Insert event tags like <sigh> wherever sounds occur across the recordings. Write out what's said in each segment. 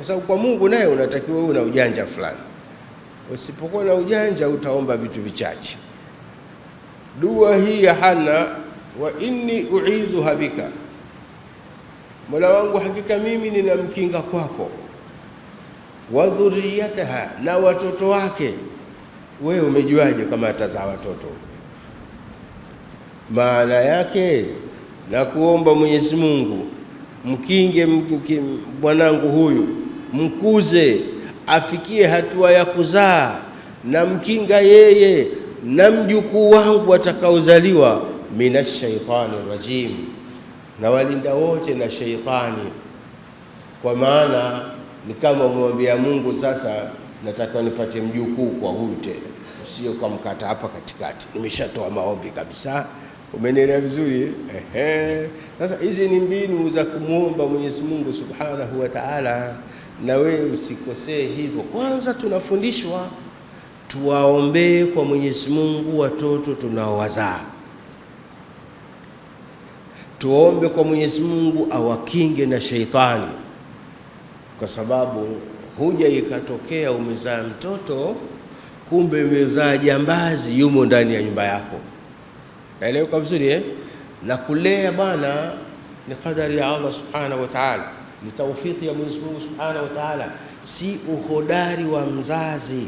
kwa sababu kwa Mungu naye unatakiwa uwe na ujanja fulani. Usipokuwa na ujanja utaomba vitu vichache. Dua hii ya Hana, wa inni uidhuha habika, Mola wangu hakika mimi ninamkinga kwako, wa dhuriyataha, na watoto wake. Wewe umejuaje kama atazaa watoto? Maana yake na kuomba Mwenyezi Mungu mkinge mwanangu huyu mkuze afikie hatua ya kuzaa, na mkinga yeye na mjukuu wangu atakaozaliwa minash shaitani rajim, na walinda wote na shaitani Kwa maana ni kama umwambia Mungu, sasa nataka nipate mjukuu kwa huyu tena, usio kwa mkata hapa katikati, nimeshatoa maombi kabisa. Umenielewa vizuri eh? Sasa hizi ni mbinu za kumwomba Mwenyezi Mungu Subhanahu wa Ta'ala na wewe usikosee hivyo. Kwanza tunafundishwa tuwaombee kwa Mwenyezi Mungu watoto tunaowazaa, tuombe kwa Mwenyezi Mungu awakinge na sheitani, kwa sababu huja ikatokea umezaa mtoto kumbe umezaa jambazi yumo ndani ya nyumba yako. Naeleweka vizuri eh? Na kulea bwana ni kadari ya Allah subhanahu wa ta'ala ni taufiki ya Mwenyezi Mungu Subhanahu wa Ta'ala, si uhodari wa mzazi.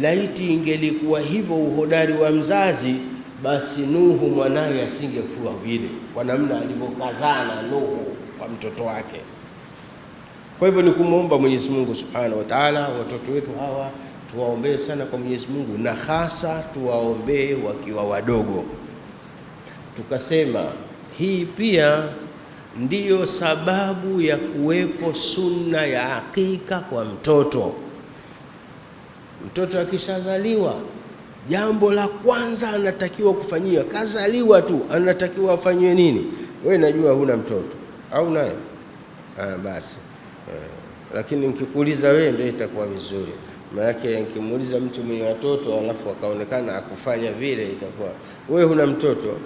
Laiti ingelikuwa hivyo uhodari wa mzazi, basi Nuhu mwanaye asingekuwa vile kwa namna alivyokazana Nuhu kwa mtoto wake. Kwa hivyo ni kumwomba Mwenyezi Mungu Subhanahu wa Ta'ala, watoto wetu hawa tuwaombee sana kwa Mwenyezi Mungu, na hasa tuwaombee wakiwa wadogo. Tukasema hii pia ndiyo sababu ya kuwepo sunna ya akika kwa mtoto. Mtoto akishazaliwa, jambo la kwanza anatakiwa kufanyiwa, kazaliwa tu anatakiwa afanyiwe nini? We najua huna mtoto au naye? Ah, basi ah, lakini nikikuuliza wewe ndio itakuwa vizuri, maanake nikimuuliza mtu mwenye watoto alafu akaonekana akufanya vile, itakuwa wewe huna mtoto,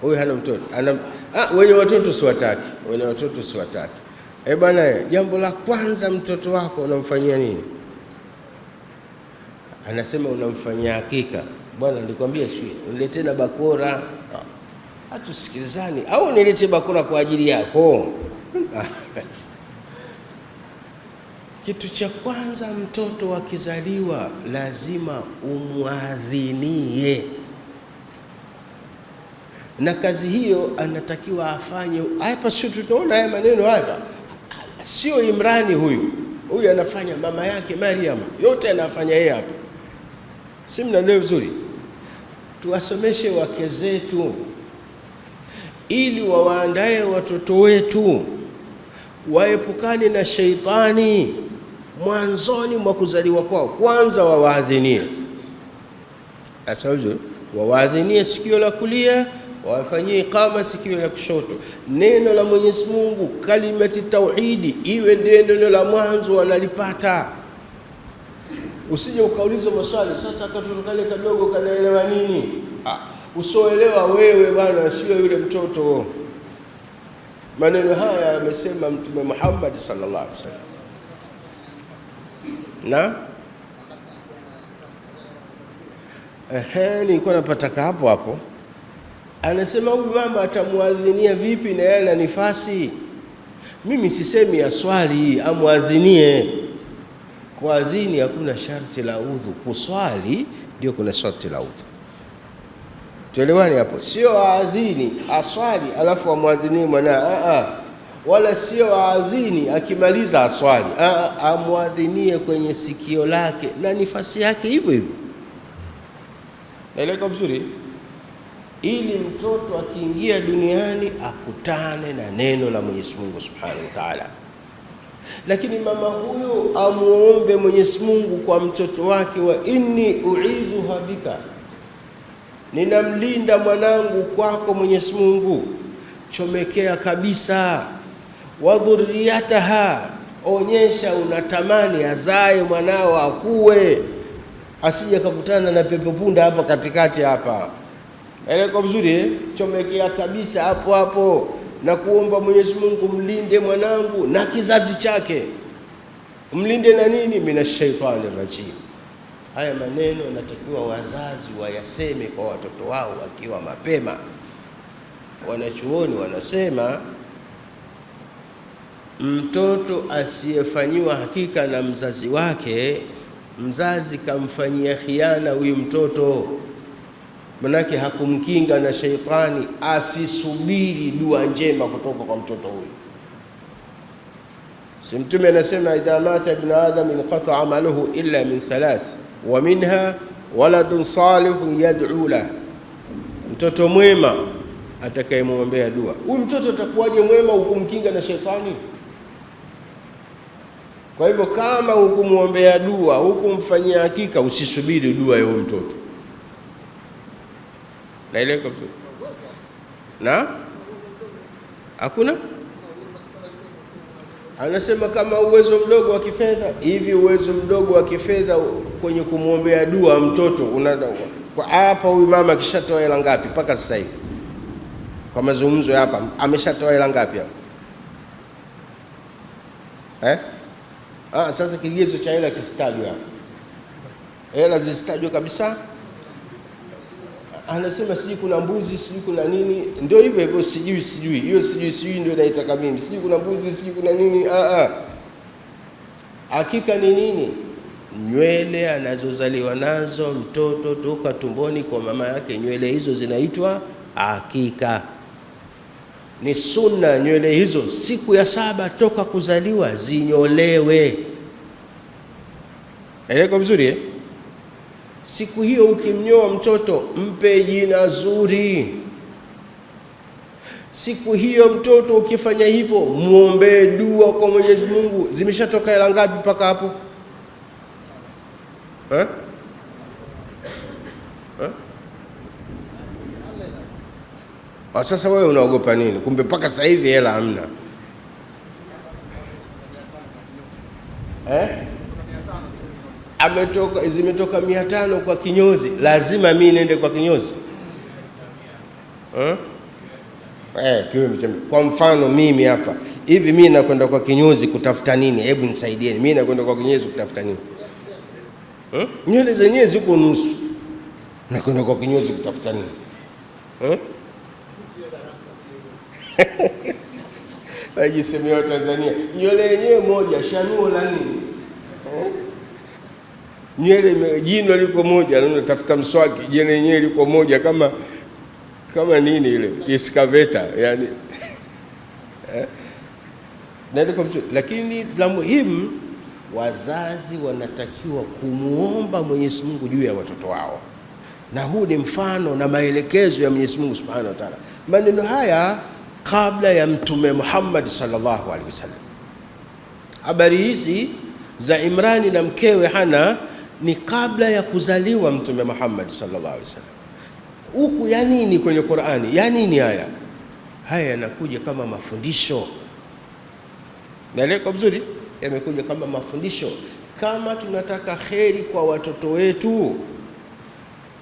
huyu hana mtoto ana Ah, wenye watoto siwataki, wenye watoto siwataki. E bwana, jambo la kwanza mtoto wako unamfanyia nini? Anasema unamfanyia hakika. Bwana, nilikwambia sio niletee na bakora. Ah, Hatusikilizani au nilete bakora kwa ajili yako? <laughs> Kitu cha kwanza mtoto akizaliwa lazima umwadhinie na kazi hiyo anatakiwa afanye hapa. Sio tunaona haya maneno hapa, sio Imrani huyu huyu anafanya mama yake Mariam, yote anafanya yeye hapa. Si mnaelewa vizuri? Tuwasomeshe wake zetu ili wawaandae watoto wetu waepukane na sheitani mwanzoni mwa kuzaliwa kwao. Kwanza wawaadhinie, sawa vizuri, wawaadhinie sikio la kulia wafanyie ikama sikio la kushoto. Neno la Mwenyezi Mungu, kalimati tauhidi, iwe ndiye neno la mwanzo wanalipata. Usije ukaulizwa maswali sasa, katutukale kadogo kanaelewa nini? Ah, usioelewa wewe bwana, sio yule mtoto. Maneno haya amesema Mtume Muhammad sallallahu alaihi wasallam na ehe, nilikuwa napataka hapo hapo anasema huyu mama atamwadhinia vipi na yeye ana nifasi? Mimi sisemi aswali, amwadhinie. Kuadhini hakuna sharti la udhu, kuswali ndio kuna sharti la udhu. Tuelewane hapo, sio aadhini aswali alafu amwadhinie mwanaa, wala sio aadhini akimaliza aswali, amwadhinie kwenye sikio lake na nifasi yake hivyo hivyo. Naeleka mzuri ili mtoto akiingia duniani akutane na neno la Mwenyezi Mungu Subhanahu wa Ta'ala. Lakini mama huyu amuombe Mwenyezi Mungu kwa mtoto wake, wa inni uidhuha bika, ninamlinda mwanangu kwako Mwenyezi Mungu, chomekea kabisa. Wa dhurriyataha, onyesha unatamani azae mwanao akuwe, asije akakutana na pepo punda hapa katikati hapa Eleko yaani vizuri, eh? chomekea kabisa hapo hapo na kuomba Mwenyezi Mungu, mlinde mwanangu na kizazi chake, mlinde na nini, shaitani rajim. Haya maneno yanatakiwa wazazi wayaseme kwa watoto wao wakiwa mapema. Wanachuoni wanasema mtoto asiyefanyiwa hakika na mzazi wake, mzazi kamfanyia khiana huyu mtoto. Manake hakumkinga na sheitani asisubiri dua njema kutoka kwa mtoto huyu. Si Mtume anasema idha mata ibn adam inqata amaluhu illa min thalath wa minha waladun salihun yad'u lah, mtoto mwema atakayemwombea dua. Huyu mtoto atakuwaje mwema ukumkinga na sheitani? Kwa hivyo kama hukumwombea dua, hukumfanyia hakika, usisubiri dua ya huyu mtoto naeleweka vizuri na hakuna anasema kama uwezo mdogo wa kifedha hivi. Uwezo mdogo wa kifedha kwenye kumwombea dua mtoto hapa, huyu mama akishatoa hela ngapi mpaka sasa hivi? Kwa mazungumzo hapa, ameshatoa hela ngapi hapa eh? Ah, sasa kigezo cha hela kisitajwe hela zisitajwa kabisa anasema sijui kuna mbuzi sijui kuna nini, ndio hivyo hivyo, sijui sijui hiyo sijui sijui ndio naitaka mimi, sijui kuna mbuzi sijui kuna nini. Ah, ah. Hakika ni nini? Nywele anazozaliwa nazo mtoto toka tumboni kwa mama yake, nywele hizo zinaitwa hakika Ni sunna nywele hizo siku ya saba toka kuzaliwa zinyolewe. Naeleko vizuri eh? Siku hiyo ukimnyoa mtoto mpe jina zuri. Siku hiyo mtoto ukifanya hivyo, mwombee dua kwa Mwenyezi Mungu. Zimeshatoka hela ngapi mpaka hapo ha? Eh? Eh? Ah, ha? Sasa wewe unaogopa nini? Kumbe mpaka sasa hivi hela hamna. ametoka, zimetoka mia tano kwa kinyozi, lazima mi niende kwa kinyozi hmm? Eh, eh kwa mfano mimi hapa hivi, mi nakwenda kwa kinyozi kutafuta nini? Hebu nisaidieni, mi nakwenda kwa kinyozi kutafuta nini? hmm? nywele zenyewe ziko nusu, nakwenda kwa kinyozi kutafuta nini? hmm? Eh? <laughs> Wajisemea Tanzania, nywele yenyewe moja, shanuo la nini? nywele jino liko moja, natafuta mswaki, jino yenyewe liko moja, kama kama nini ile iskaveta yani <laughs> eh? lakini la muhimu, wazazi wanatakiwa kumwomba Mwenyezi Mungu juu ya watoto wao, na huu ni mfano na maelekezo ya Mwenyezi Mungu Subhanahu wa Ta'ala. Maneno haya kabla ya Mtume Muhammad sallallahu alaihi wasallam. Habari hizi za Imrani na mkewe Hana ni kabla ya kuzaliwa Mtume Muhammad sallallahu alaihi wasallam. Huku ya nini kwenye Qur'ani? Ya nini haya? Haya yanakuja kama mafundisho, naeleko vizuri, yamekuja kama mafundisho. Kama tunataka kheri kwa watoto wetu,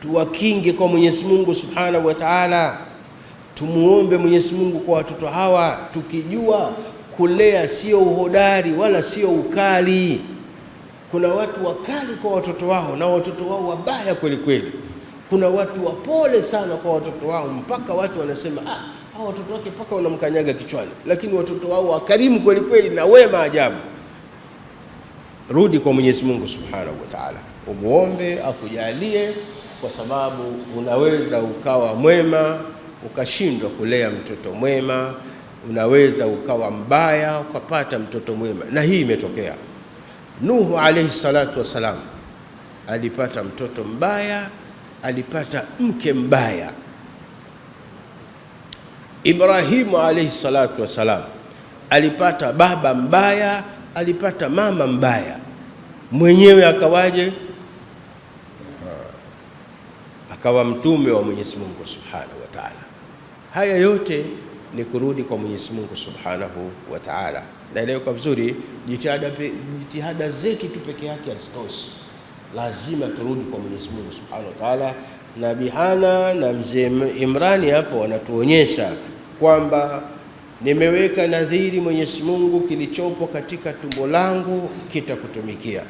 tuwakinge kwa Mwenyezi Mungu Subhanahu wa Ta'ala, tumuombe Mwenyezi Mungu kwa watoto hawa, tukijua kulea sio uhodari wala sio ukali kuna watu wakali kwa watoto wao na watoto wao wabaya kweli kweli. Kuna watu wapole sana kwa watoto wao, mpaka watu wanasema ah, hao watoto wake mpaka wanamkanyaga kichwani, lakini watoto wao wakarimu kweli kweli na wema ajabu. Rudi kwa Mwenyezi Mungu Subhanahu wa Ta'ala, umuombe akujalie, kwa sababu unaweza ukawa mwema ukashindwa kulea mtoto mwema, unaweza ukawa mbaya ukapata mtoto mwema, na hii imetokea. Nuhu alayhi salatu wassalam alipata mtoto mbaya, alipata mke mbaya. Ibrahimu alayhi salatu wassalam alipata baba mbaya, alipata mama mbaya, mwenyewe akawaje? Akawa mtume wa Mwenyezi Mungu Subhanahu wa Ta'ala. Haya yote ni kurudi kwa Mwenyezi Mungu Subhanahu wa Ta'ala naeleweka vizuri. Jitihada, jitihada zetu tu peke yake hazitoshi, lazima turudi kwa Mwenyezi Mungu Subhanahu wa Ta'ala. Na Bihana na mzee Imrani hapo wanatuonyesha kwamba nimeweka nadhiri, Mwenyezi Mungu, kilichopo katika tumbo langu kitakutumikia.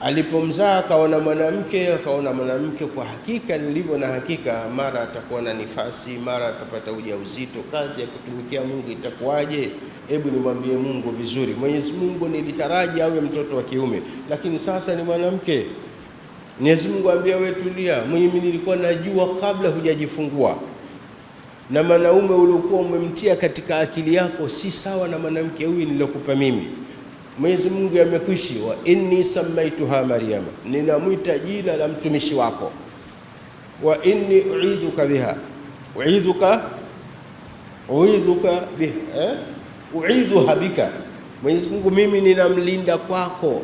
Alipomzaa akaona mwanamke, akaona mwanamke, kwa hakika nilivyo na hakika, mara atakuwa na nifasi, mara atapata ujauzito, kazi ya kutumikia Mungu itakuwaje? Hebu nimwambie Mungu vizuri, Mwenyezi Mungu nilitaraji awe mtoto wa kiume, lakini sasa ni mwanamke. Mwenyezi Mungu ambia, wewe tulia, mimi nilikuwa najua kabla hujajifungua, na mwanaume uliokuwa umemtia katika akili yako si sawa na mwanamke huyu nilokupa mimi. Mwenyezi Mungu amekwishi, wa inni samaituha Maryama, ninamwita jina la mtumishi wako, wa inni uidhuka biha uidhuka uidhuka biha eh? uidhu habika, Mwenyezi Mungu mimi ninamlinda kwako,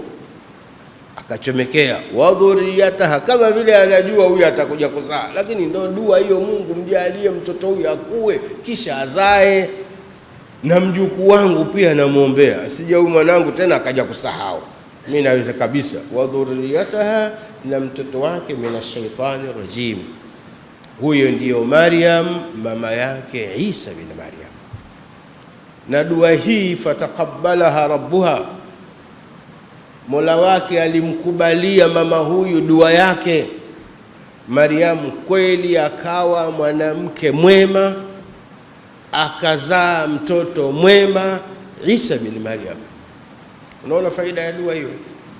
akachomekea wadhuriyataha, kama vile anajua huyu atakuja kuzaa, lakini ndo dua hiyo, Mungu mjalie mtoto huyu akue kisha azae, na mjukuu wangu pia namwombea, asije huyu mwanangu tena akaja kusahau. Mimi naweza kabisa, wadhuriyataha, na mtoto wake minashaitani rajim. Huyo ndiyo Maryam mama yake Isa bin Maryam na dua hii fataqabbalaha rabbuha, mola wake alimkubalia mama huyu dua yake. Mariamu kweli akawa mwanamke mwema, akazaa mtoto mwema Isa bin Maryam. Unaona faida ya dua hiyo.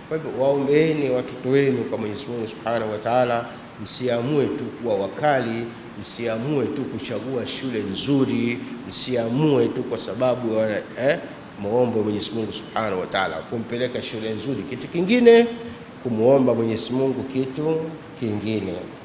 Kwa hivyo waombeeni watoto wenu kwa Mwenyezi Mungu Subhanahu wa Ta'ala, msiamue tu kuwa wakali msiamue tu kuchagua shule nzuri, msiamue tu kwa sababu eh, muombe Mwenyezi Mungu Subhanahu wa Ta'ala kumpeleka shule nzuri, kitu kingine kumwomba Mwenyezi Mungu kitu kingine.